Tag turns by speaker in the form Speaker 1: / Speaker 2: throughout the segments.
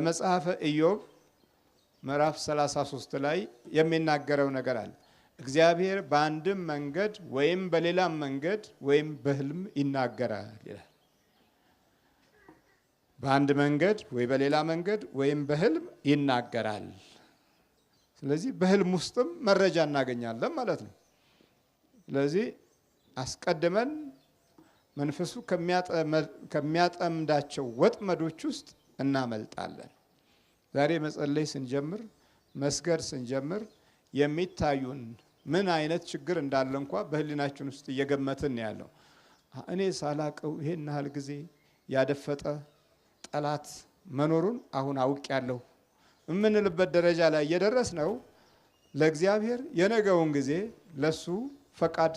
Speaker 1: በመጽሐፈ ኢዮብ ምዕራፍ 33 ላይ የሚናገረው ነገር አለ። እግዚአብሔር በአንድም መንገድ ወይም በሌላም መንገድ ወይም በህልም ይናገራል ይላል። በአንድ መንገድ ወይ በሌላ መንገድ ወይም በህልም ይናገራል። ስለዚህ በህልም ውስጥም መረጃ እናገኛለን ማለት ነው። ስለዚህ አስቀድመን መንፈሱ ከሚያጠምዳቸው ወጥመዶች ውስጥ እናመልጣለን። ዛሬ መጸለይ ስንጀምር፣ መስገድ ስንጀምር የሚታዩን ምን አይነት ችግር እንዳለ እንኳ በህሊናችን ውስጥ እየገመትን ያለው እኔ ሳላቀው ይሄን ያህል ጊዜ ያደፈጠ ጠላት መኖሩን አሁን አውቅ ያለሁ የምንልበት ደረጃ ላይ እየደረስ ነው። ለእግዚአብሔር የነገውን ጊዜ ለሱ ፈቃድ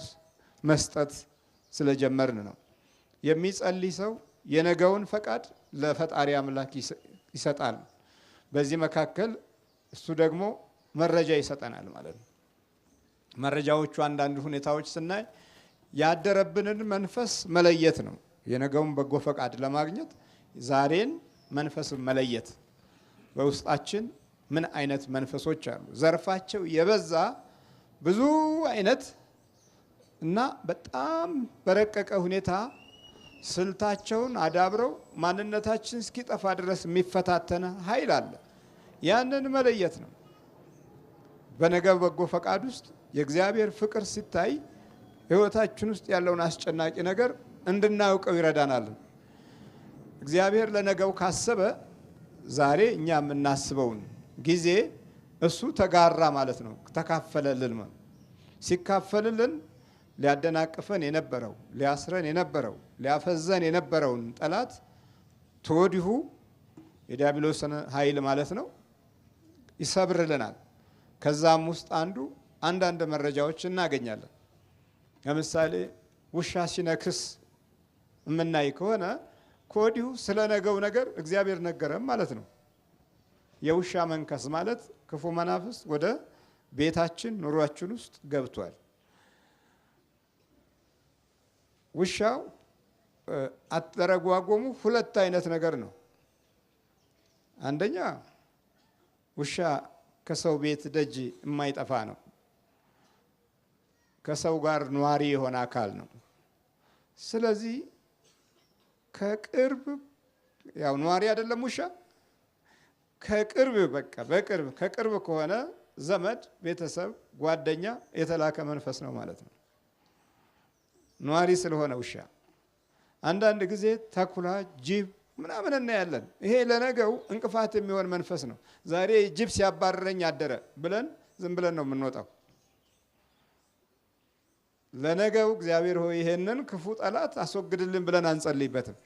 Speaker 1: መስጠት ስለጀመርን ነው። የሚጸልይ ሰው የነገውን ፈቃድ ለፈጣሪ አምላክ ይሰጣል። በዚህ መካከል እሱ ደግሞ መረጃ ይሰጠናል ማለት ነው። መረጃዎቹ አንዳንድ ሁኔታዎች ስናይ ያደረብንን መንፈስ መለየት ነው። የነገውን በጎ ፈቃድ ለማግኘት ዛሬን መንፈስ መለየት፣ በውስጣችን ምን አይነት መንፈሶች አሉ? ዘርፋቸው የበዛ ብዙ አይነት እና በጣም በረቀቀ ሁኔታ ስልታቸውን አዳብረው ማንነታችን እስኪጠፋ ድረስ የሚፈታተነ ኃይል አለ። ያንን መለየት ነው። በነገ በጎ ፈቃድ ውስጥ የእግዚአብሔር ፍቅር ሲታይ ሕይወታችን ውስጥ ያለውን አስጨናቂ ነገር እንድናውቀው ይረዳናል። እግዚአብሔር ለነገው ካሰበ ዛሬ እኛ የምናስበውን ጊዜ እሱ ተጋራ ማለት ነው፣ ተካፈለልን። ሲካፈልልን ሊያደናቅፈን የነበረው ሊያስረን የነበረው ሊያፈዘን የነበረውን ጠላት ተወዲሁ የዲያብሎስን ኃይል ማለት ነው ይሰብርልናል። ከዛም ውስጥ አንዱ አንዳንድ መረጃዎች እናገኛለን። ለምሳሌ ውሻ ሲነክስ የምናይ ከሆነ ከወዲሁ ስለ ነገው ነገር እግዚአብሔር ነገረም ማለት ነው። የውሻ መንከስ ማለት ክፉ መናፍስ ወደ ቤታችን ኑሯችን ውስጥ ገብቷል። ውሻው አተረጓጎሙ ሁለት አይነት ነገር ነው። አንደኛ ውሻ ከሰው ቤት ደጅ የማይጠፋ ነው። ከሰው ጋር ነዋሪ የሆነ አካል ነው። ስለዚህ ከቅርብ ያው ነዋሪ አይደለም ውሻ ከቅርብ በቃ በቅርብ ከቅርብ ከሆነ ዘመድ፣ ቤተሰብ፣ ጓደኛ የተላከ መንፈስ ነው ማለት ነው። ኗሪ ስለሆነ ውሻ አንዳንድ ጊዜ ተኩላ፣ ጅብ ምናምን እናያለን። ይሄ ለነገው እንቅፋት የሚሆን መንፈስ ነው። ዛሬ ጅብ ሲያባረረኝ አደረ ብለን ዝም ብለን ነው የምንወጣው። ለነገው እግዚአብሔር ሆይ ይሄንን ክፉ ጠላት አስወግድልን ብለን አንጸልይበትም።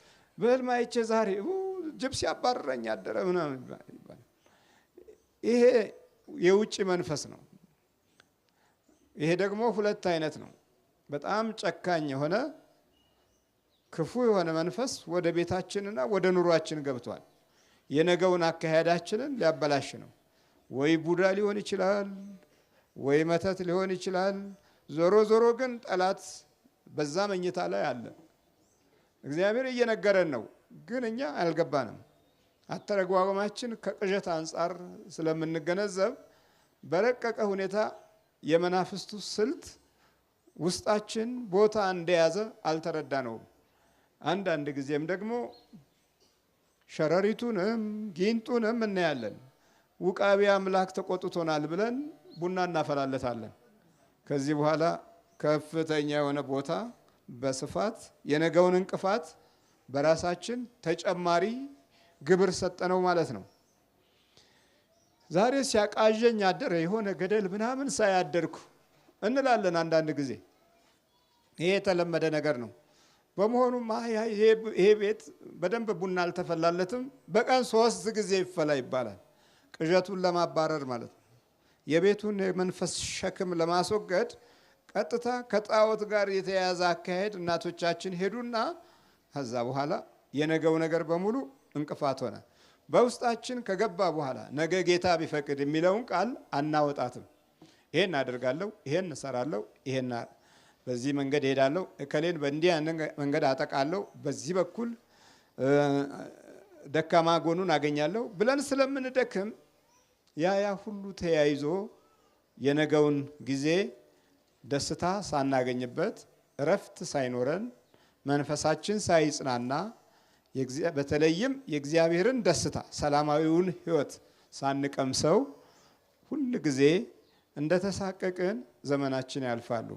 Speaker 1: በህልም አይቼ ዛሬ ጅብ ሲያባረረኝ አደረ ምናምን ይሄ የውጭ መንፈስ ነው። ይሄ ደግሞ ሁለት አይነት ነው። በጣም ጨካኝ የሆነ ክፉ የሆነ መንፈስ ወደ ቤታችንና ወደ ኑሯችን ገብቷል። የነገውን አካሄዳችንን ሊያበላሽ ነው። ወይ ቡዳ ሊሆን ይችላል፣ ወይ መተት ሊሆን ይችላል። ዞሮ ዞሮ ግን ጠላት በዛ መኝታ ላይ አለ። እግዚአብሔር እየነገረን ነው፣ ግን እኛ አልገባንም። አተረጓጎማችን ከቅዠት አንጻር ስለምንገነዘብ በረቀቀ ሁኔታ የመናፍስቱ ስልት ውስጣችን ቦታ እንደያዘ አልተረዳነውም። አንዳንድ ጊዜም ደግሞ ሸረሪቱንም ጊንጡንም እናያለን። ውቃቤ አምላክ ተቆጥቶናል ብለን ቡና እናፈላለታለን። ከዚህ በኋላ ከፍተኛ የሆነ ቦታ በስፋት የነገውን እንቅፋት በራሳችን ተጨማሪ ግብር ሰጠነው ማለት ነው። ዛሬ ሲያቃዠኝ አደረ የሆነ ገደል ምናምን ሳያደርኩ እንላለን አንዳንድ ጊዜ ይሄ የተለመደ ነገር ነው። በመሆኑም ይሄ ቤት በደንብ ቡና አልተፈላለትም፣ በቀን ሶስት ጊዜ ይፈላ ይባላል። ቅዠቱን ለማባረር ማለት ነው። የቤቱን የመንፈስ ሸክም ለማስወገድ ቀጥታ ከጣዖት ጋር የተያያዘ አካሄድ እናቶቻችን ሄዱና ከዛ በኋላ የነገው ነገር በሙሉ እንቅፋት ሆነ። በውስጣችን ከገባ በኋላ ነገ ጌታ ቢፈቅድ የሚለውን ቃል አናወጣትም። ይሄን አደርጋለሁ፣ ይሄን እሰራለሁ፣ ይሄን በዚህ መንገድ እሄዳለሁ፣ እከሌን በእንዲህ መንገድ አጠቃለሁ፣ በዚህ በኩል ደካማ ጎኑን አገኛለሁ ብለን ስለምንደክም ያ ያ ሁሉ ተያይዞ የነገውን ጊዜ ደስታ ሳናገኝበት እረፍት ሳይኖረን መንፈሳችን ሳይጽናና በተለይም የእግዚአብሔርን ደስታ ሰላማዊውን ሕይወት ሳንቀምሰው ሁል ጊዜ እንደተሳቀቀን ዘመናችን ያልፋሉ